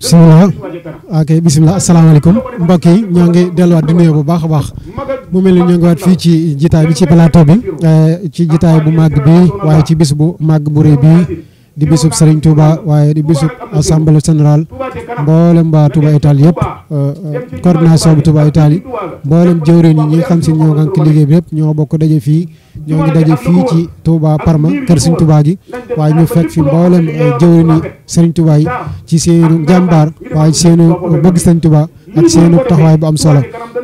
bisimilah ok bisimilah asalaamaaleykum mbokk yi ñoo ngi delluwaat di bu baax a baax mu mel ni ñoo ngi waat fii ci jitaay bi ci plateau bi eh, ci jitaay bu màgg bi waaye ci bis bu màgg bu rëy bii di bisub Serigne Touba waaye di bisub assemblée générale mboolem waa Touba Italie yëpp eh, eh, coordination bi Touba Italie mboolem jëwriñ ñi xam si ñoo ngànk liggéey bi yëpp ñoo bokk daje fii. ñoo ngi daje fii ci Touba Parma kër Serigne Touba gi waaye ñu fet fi mboolem eh, jëwriñu Serigne Touba yi ci seenu jàmbaar waaye ci seenu bëgg Serigne Touba ak seenu taxawaay bu am solo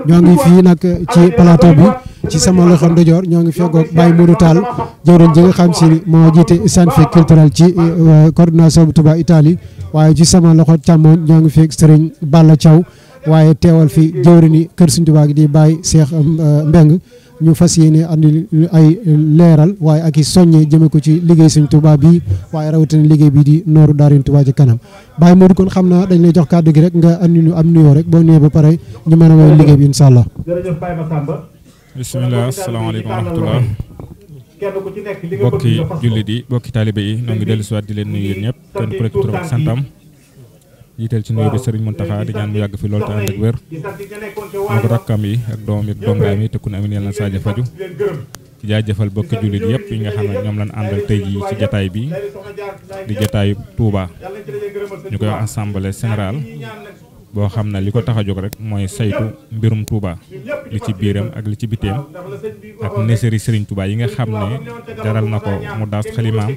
ñoo ngi fii nag eh, ci plateau bi ci sama loxo ndijoor ñoo ngi feggoog Baye Modou Tall jëwriñ ji nga xam si ni moo jiite centre culturel ci eh, coordination bu Touba Italie waaye ci sama loxo càmmoñ ñoo ngi fekk Serigne Balla Thiaw waaye teewal fi jëwriñi kër Serigne Touba gi di Baye Cheikh Mbeng ñu fas yéene andi ay leeral waaye ak i soññee jëme ko ci liggéey sëñ tubaab bii waaye rawatina liggéey bii di nooru Daarin Touba ci kanam Baye Modou kon xam naa dañ lay jox kàddu gi rek nga andi ñu am nuyoo rek boo nuyoo ba pare ñu mën a woon liggéey bi incha allah. jërëjëf Baye Massamba. bisimilah bokki jullit yi bokki taalibe yi ñoo ngi dellu si waat di leen nuyu yéen ñëpp kenn ku nekk turam ak santam. jiiteel ci nuyu bi Serigne Mountakha di ñaan mu yàgg fi loolu te ànd ak wér moo ko rakkam yi ak doomam yi ak dongaam yi te ku amin yàlla na saaja faju ci jaajëfal bokki jullit yëpp yi nga xam ne ñoom lañ àndal tey jii ci jataay bi di jataayu Touba ñu koy wax assemblée générale boo xam na li ko tax a jóg rek mooy saytu mbirum Touba li ci biiram ak li ci biteem ak neseri sëriñ Touba yi nga xam ne jaral na ko mu daas xalimaam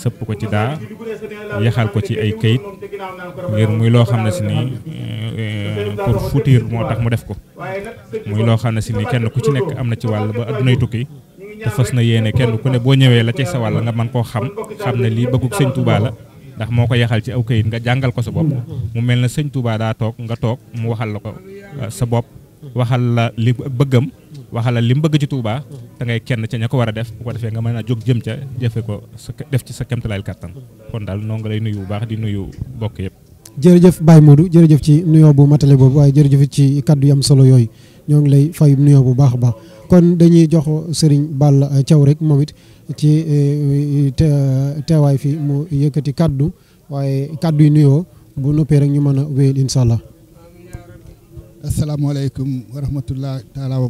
sëpp ko ci daa yaxal ko ci ay kayit ngir muy loo xam ne si nii eh, pour futiir moo tax mu def ko muy loo xam ne si nii kenn ku ci nekk am na ci wàll ba addunay tukki te fas na yéene kenn ku ne boo ñëwee la ci sa wàll nga man koo xam xam ne lii bëggug sëñ Touba la ndax moo ko yaxal ci aw kayit nga jàngal ko sa bopp mu mel na sëñ Touba daa toog nga toog mu waxal la ko uh, sa bopp waxal la li bëggam waxal la li mu bëgg ci Touba te ngay kenn ca ña ko war a def bu ko defee nga mën a jóg jëm ca jëfe ko sa def ci sa kemtalaay kattan kon daal noo nga lay nuyu bu baax di nuyu bokk yëpp jërëjëf Baye Modou jërëjëf ci nuyoo bu matale boobu waaye jërëjëf ci kaddu yam solo yooyu ñoo ngi lay fay nuyoo bu baax a baax kon dañuy ci eh, teewaay fi mu yëkkati kàddu waaye kaddu yi nuyoo bu noppee rek ñu mën a wéyal incha allah. asalaamaaleykum wa rahmatullah taala wa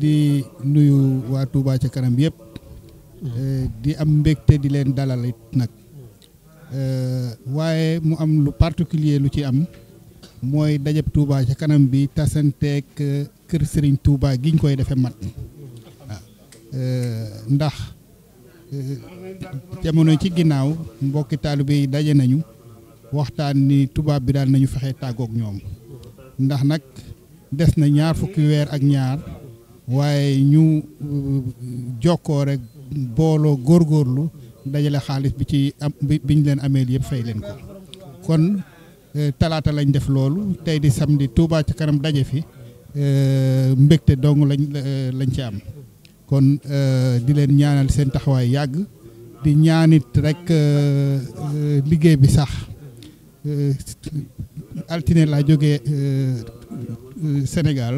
di nuyu waa tuubaa ca kanam yëpp. Eh, di am mbégte di leen dalal it nag. Eh, waaye mu am lu particulier lu ci am. mooy dajab Touba ca kanam bi tasanteeg kër Serigne Touba giñ koy defee mat. Euh, ndax euh, jamono ci ginnaaw mbokki taalibe yi daje nañu waxtaan ni tubaab bi daal nañu fexe tàggook ñoom ndax nag des na ñaar fukki weer ak ñaar waaye ñu euh, jokkoo rek booloo góorgóorlu dajale xaalis bi ci am bi ñu leen ameel yëpp fay leen ko kon talaata lañ def loolu tey di samedi Touba ci kanam daje fi mbégte dong lañ lañ ci am kon euh, di leen ñaanal seen taxawaay yàgg di ñaanit rek euh, euh, liggéey bi sax altine laa jógee Sénégal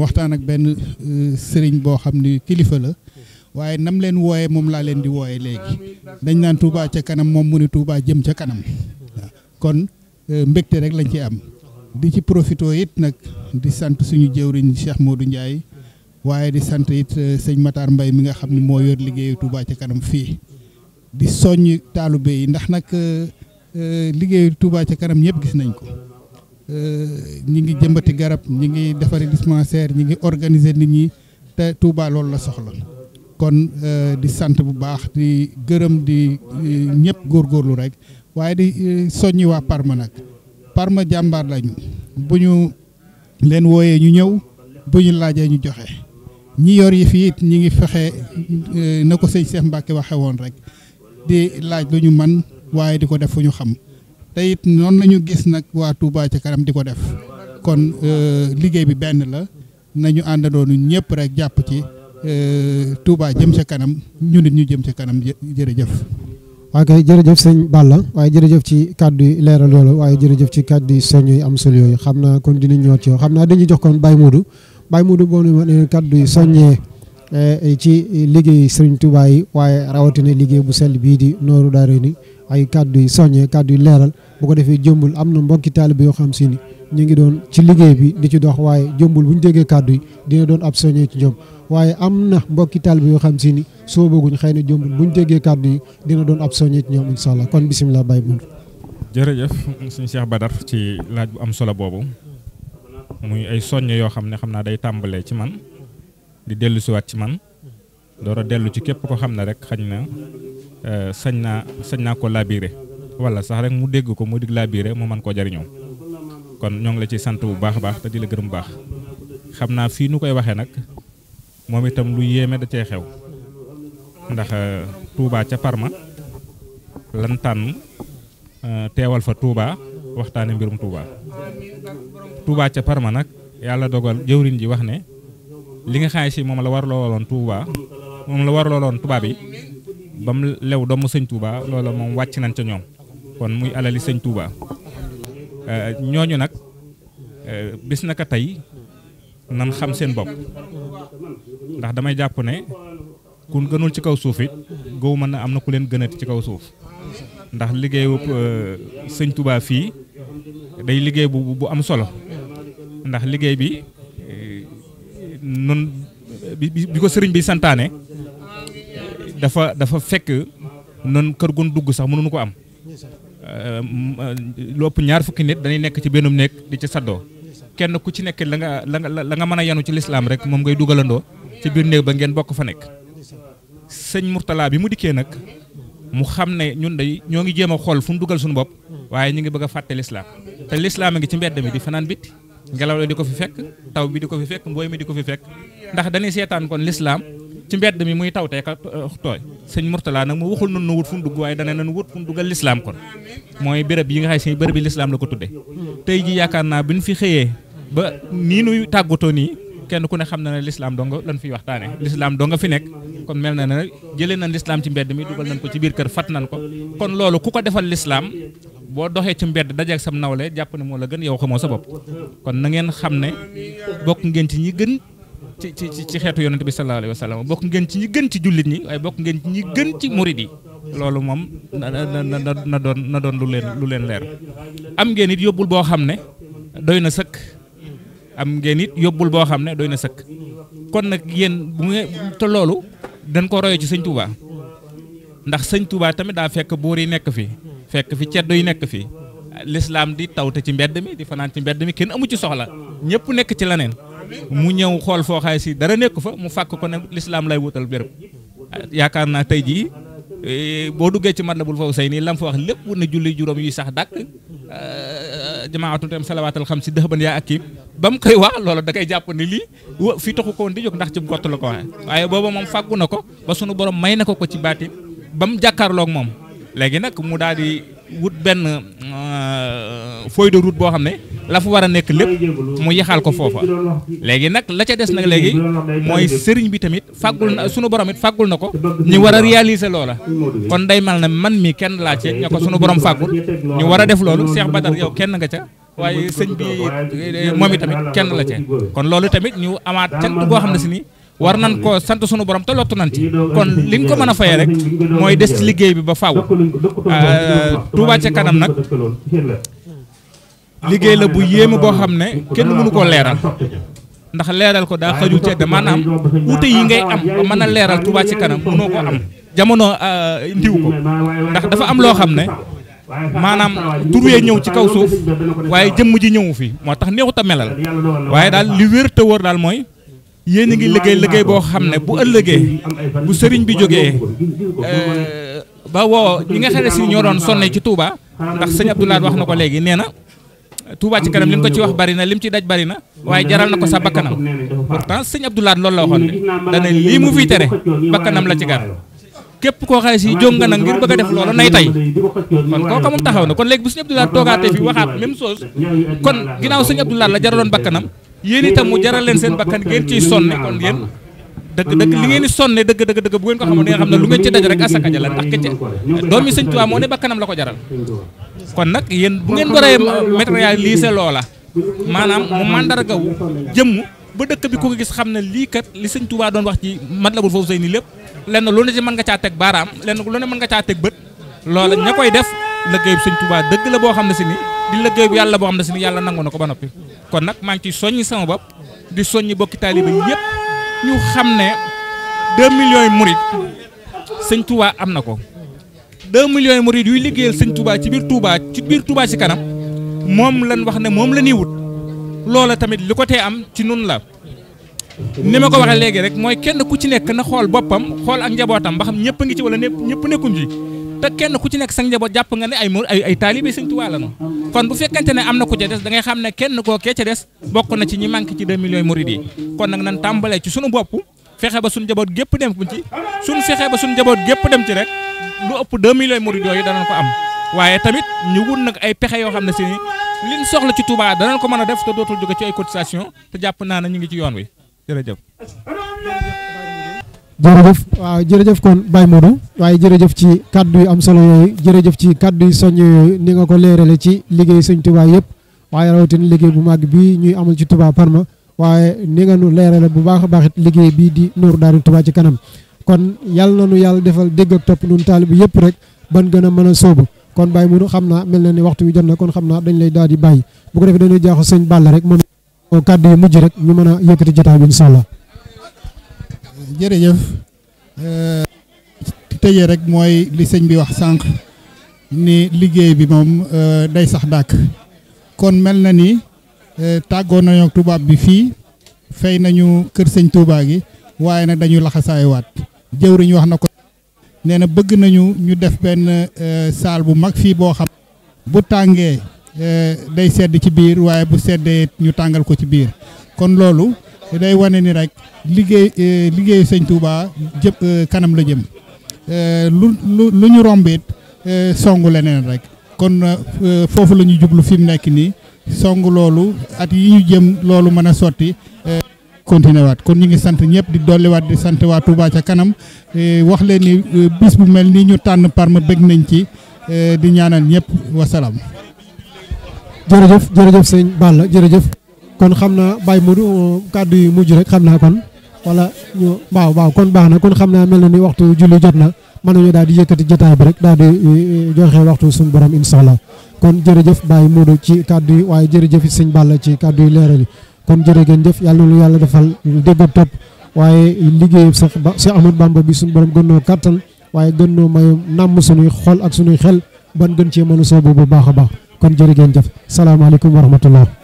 waxtaan ak benn sëriñ boo xam ni kilifa la waaye nam leen wooyee moom laa leen di wooyee léegi dañ naan Touba ca kanam moom mu ni Touba jëm ca kanam kon mbégte rek lañ ci am di ci profito it nag di sant suñu jëwriñ Cheikh Modou Ndiaye waaye di sant it eh, sëñ Matar mbay mi nga xam ne moo yor liggéeyu Touba ca kanam fii di soññ taalibe yi ndax nag eh, eh, liggéeyu Touba ca kanam ñëpp gis nañ ko ñi ngi jëmbati garab ñi ngi defari dispensaire ñi ngi organiser nit ñi te Touba loolu la soxla kon di sant bu baax di gërëm di ñëpp góorlu rek waaye di soññi waa Parma nag Parma jàmbaar lañu bu ñu leen wooyee ñu ñëw bu ñu laajee ñu joxe. ñi yor yi fii ñi ngi fexe eh, na ko sëñ Cheikh Mbacke waxe woon rek di laaj lu ñu man waaye di ko def fu ñu xam te it noonu la ñu gis nag waa Touba ci kanam di ko def kon eh, liggéey bi benn la nañu àndandoo ñun ñëpp rek jàpp ci eh, Touba jëm ca kanam ñu nit ñu jëm ci kanam jërëjëf. waaye kay jërëjëf sëñ Balla waaye jërëjëf ci kàddu yi leeral loolu waaye jërëjëf ci kàddu yi sëñ yu am solo yooyu xam naa kon dinañ ñëwaat ci yow xam naa dañuy jox kon Baye Modou. Baye Modou boo ma ne kàddu yi soññee eh, ci liggéey Serigne Touba yi waaye rawatina liggéey bu sell bii di nooru daare ni ay kàddu yi soññee kàddu yi leeral bu ko defee jëmbul am na mbokki taalibe yoo xam si ni ñu ngi doon ci liggéey bi di ci dox waaye jëmbul bu ñu déggee kàddu yi dina doon ab soññee ci ñoom waaye am na mbokki taalibe yoo xam si ni soo bëgguñ xëy na jëmbul bu ñu déggee kàddu yi dina doon ab soññee ci kon bisimilah Baye Modou. jërëjëf suñu Cheikh Badar ci laaj bu am solo boobu. muy ay soññe yoo xam ne xam naa day tàmbalee ci man di dellusiwaat ci man door a dellu ci képp ko xam ne rek xañ na euh, sañ naa sañ naa ko labiré wala sax rek mu dégg ko mu dig labiré mu man koo jariñoo kon ñoo ngi la ci sant bu baax a baax te di la gërëm baax xam naa fii nu koy waxee nag moom itam lu yéeme da cee xew ndax euh, Touba ca Parma lan tànn euh, teewal fa tuubaa waxtaane mbirum Touba Touba ca Parma nag yàlla dogal jëwriñ ji wax ne li nga xaay si moom la war looloon Touba moom la war looloon Touba bi ba mu lew doomu sëñ Touba loola moom wàcc nañ ca ñoom kon muy alali sëñ tuubaa euh, ñooñu nag euh, bis na ko tey nan xam seen bopp ndax damay jàpp ne kun gënul ci kaw suuf it gow mën na am na ku leen gënati ci kaw suuf ndax liggéeyu euh, sëñ Touba fii day liggéey bu bu am solo ndax liggéey bi eh, nun bi ko sëriñ bi santaane dafa dafa fekk nun kër gun dugg sax mënuñu ko am eh, lu ëpp ñaar fukki nit dañuy nekk ci bennum nekk di ci saddoo kenn ku ci nekk la nga la nga mën a yanu ci lislaam rek moom ngay dugalandoo ci biir néeg ba ngeen bokk fa nekk sëñ Mourtala bi mu dikkee nag mu xam ne ñun day ñoo ngi jéem a xool fu mu dugal suñu bopp waaye ñu ngi bëgg a fàtte lislaam te lislaam a ngi ci mbedd mi di fanaan bitti ngelaw la di ko fi fekk taw bi di ko fi fekk mbooy mi di ko fi fekk ndax dañuy seetaan kon lislaam ci mbedd mi muy tawtee ka uh, tooy sëñ Mourtala nag mu waxul nun nu wut fu mu dugg waaye dana nan wut fu mu dugal lislaam kon mooy béréb yi nga xay si béréb yi lislaam la ko tudde tey ji yaakaar naa bi ñu fi xëyee ba nii nuy tàggatoo nii kenn ku ne xam na ne lislaam dong lan fiy waxtaane lislaam dong nga fi nekk kon mel na ne jëlee nañ lislaam ci mbedd mi dugal nañ ko ci biir kër fat nañ ko boo doxee ci mbedd dajeeg sam nawle jàpp ne moo la gën yow xamoo sa bopp kon na ngeen xam ne bokk ngeen ci ñi gën ci ci xeetu yonent bi sallallahu alayhi wa sallam bokk ngeen ci ñi gën ci jullit ñi waaye bokk ngeen ci ñi gën ci murid yi loolu moom na na na doon na doon lu leen lu leen leer am ngeen it yóbbul boo xam ne doy na sëkk am ngeen it yóbbul boo xam ne doy na sëkk kon nag yéen bu te loolu dan ko royee ci sëñ Touba ndax sëñ Touba tamit daa fekk buur yi nekk fii fekk fi ceddo yi nekk fi lislaam di tawte ci mbedd mi di fanaan ci mbedd mi kenn amu ci soxla ñëpp nekk ci leneen mu ñëw xool foo xaay si dara nekk fa mu fàkk ko ne lislaam lay wutal béréb yaakaar naa tey jii eh, boo duggee ci Matlabul Fawzayni lam fa wax lépp ne julli juróom yuy sax dàkk eh, jamaatul tam salawaatal xam si dëxban yaa ak kii ba mu koy wax loolu dangay koy jàpp ne lii fi taxu ko woon di jóg ndax ci gott la ko waxee waaye booba moom fàggu na ko sunu borom may na ko ko ci baati ba mu jàkkaarloog moom léegi nag mu daal di wut benn euh, feuille de route boo xam ne la fa war a nekk lépp mu yaxal ko foofa léegi nag la ca des nag léegi mooy sëriñ bi tamit fàggul na sunu borom it fàggul na ko ñu war a réaliser loola kon day mal man mi kenn laa ci ña ko sunu borom fàggul ñu war a def loolu Cheikh Badar yow kenn nga ca waaye sëñ bi moom i tamit kenn la ca kon loolu tamit ñu amaat cant boo xam ne si nii war nan ko sant sunu borom te lottu nan ci kon li nga ko mën a fayee rek mooy des ci liggéey bi ba faw euh, Touba ca kanam nag liggéey la bu yéeme boo xam ne kenn mënu ko leeral ndax leeral ko daa xajul cedda maanaam wuute yi ngay am ba a leeral Touba ci kanam mënoo ko am jamono euh, ndiw ko ndax dafa am loo xam ne maanaam tur yee ñëw ci kaw suuf waaye jëmm ji ñëwu fii moo tax neexut a melal waaye daal li wér te daal mooy yéen a ngi liggéey liggéey boo xam ne bu ëllëgee bu sëriñ bi jógee euh, ba woo ñi nga xam ne si ñoo doon sonne ci Touba ndax sëñ Abdoulaye wax na ko léegi nee na Touba ci kanam li mu ko ci wax bari na li mu ci daj bari na waaye na ko sa bakkanam pourtant sëñ Abdoulaye loolu la waxoon ne dana lii mu fiy tere bakkanam la ci gar képp koo xale si jóg nga nag ngir bëgg def loola nay tey kon kooka moom taxaw na kon léegi bu sëñ Abdoulaye toogaatee fi waxaat même chose kon ginnaaw sëñ Abdoulaye la jaraloon bakkanam yéen itam mu jaral leen seen bakkan ngeen ciy sonne kon yéen dëgg dëgg li ngeen di sonne dëgg dëgg dëgg bu ngeen ko xamoon di nga xam ne lu ngeen ci daj rek asaka ja la ndax ke ci doomi sëñ Tuubaa moo ne bakkanam la ko jaral kon nag yéen bu ngeen waree matérialiser loola maanaam mu mandarga jëmm ba dëkk bi ku ko gis xam ne lii kat li sëñ Tuubaa doon wax ci Matlabul nii lépp lenn lu ne ci mën nga caa teg baaraam lenn lu ne mën nga caa teg bët loola koy def liggéey bu sëñ Tuubaa la boo xam ne si ni di liggéey bu yàlla boo xam ne si ni yàlla nangu na ko noppi kon nag maa ngi ciy soññi sama bopp di soññi bokki taaliba yëpp ñu xam ne 2 millions yu murit sëñ Touba am na ko 2 millions yu murit yuy liggéeyal sëñ Touba ci biir Touba ci biir Touba ci kanam moom lañ wax ne moom la ñuy wut loola tamit li ko tee am ci nun la ni ma ko waxee léegi rek mooy kenn ku ci nekk na xool boppam xool ak njabootam ba xam ñëpp a ngi ci wala ñëpp ñëpp nekkuñ ci. te kenn ku ci nekk sang njaboot jàpp nga ne ay ay ay taalibe sëñ Tuubaa la kon bu fekkente ne am na ku ca des da xam ne kenn koo kee ca des bokk na ci ñi manqué ci 2 millions murid kon nag nan tàmbalee ci sunu bopp fexe ba sunu njaboot gépp dem ci sunu fexe ba sunu njaboot gépp dem ci rek lu ëpp 2 millions murid yooyu danañ ko am waaye tamit ñu wut nag ay pexe yoo xam ne si liñ soxla ci Touba dana ko mën a def ko dootul jóge ci ay cotisation te jàpp naa ne ñu ngi ci yoon wi jërëjëf. jërëjëf waaw jërëjëf kon Baye Modou waaye jërëjëf ci kaddu yu am solo yooyu jërëjëf ci kaddu yu soññ yooyu ni nga ko leerale ci liggéey sëñ Touba yëpp waaye rawatina liggéey bu màgg bii ñuy amul ci Touba Parma waaye ni nga nu leerale bu baax a baax it liggéey bii di Nour Daaru Touba ci kanam kon yàlla na nu yàlla defal dégg ak topp nun taalibe yëpp rek ban gën a mën a sóobu kon Baye Modou xam naa mel na ni waxtu wi jot na kon xam naa dañ lay daal di bàyyi ko defee dañuy jaaxo sëñ Balla rek mën kaddu yu mujj rek ñu mën a yëkkati jotaay bi incha jërëjëf ci tëjee rek mooy li sëñ bi wax sànq ni liggéey bi moom euh, day sax dàq kon mel na ni euh, tàggoo nañu tubaab bi fii fay nañu kër sëñ tuubaa gi waaye nag dañu laxasaayiwaat jëwriñ wax na ko nee na bëgg nañu ñu def benn euh, saal bu mag fii boo xam bu tàngee day sedd ci biir waaye bu seddee ñu tàngal ko ci biir kon loolu day wane ni rek liggéey eh, liggéey sëñ Touba jëm eh, kanam la jëm eh, lu lu lu ñu rombit songu leneen rek kon foofu la ñu jublu fi mu nekk nii songu loolu at yi ñu jëm loolu mën a sotti continué waat kon ñu ngi sant ñëpp di dolliwaat di sant waa ca kanam wax leen ni bis bu mel nii ñu tànn Parma bëgg nañ ci di ñaanal ñëpp wasalaam. kon xam naa Baye Modou kàddu yi mujj rek xam naa kon wala ñu waaw kon baax na kon xam naa mel na ni waxtu julli jot na mën nañu daal di yëkkati jotaay bi rek daa di eh, eh, joxe waxtu suñu borom incha allah kon jërëjëf Baye Modou ci kàddu yi waaye jërëjëf sëñ Balla ci kàddu yi leeral yi kon jërëjëf yàlla na yàlla defal dégg topp waaye liggéey sax ba Cheikh Ahmadou Bamba bi suñu borom gën noo kattan waaye gën noo may nàmm suñuy xol ak suñuy xel ban gën cee mën a soobu bu baax a baax kon jërëjëf salaamaaleykum wa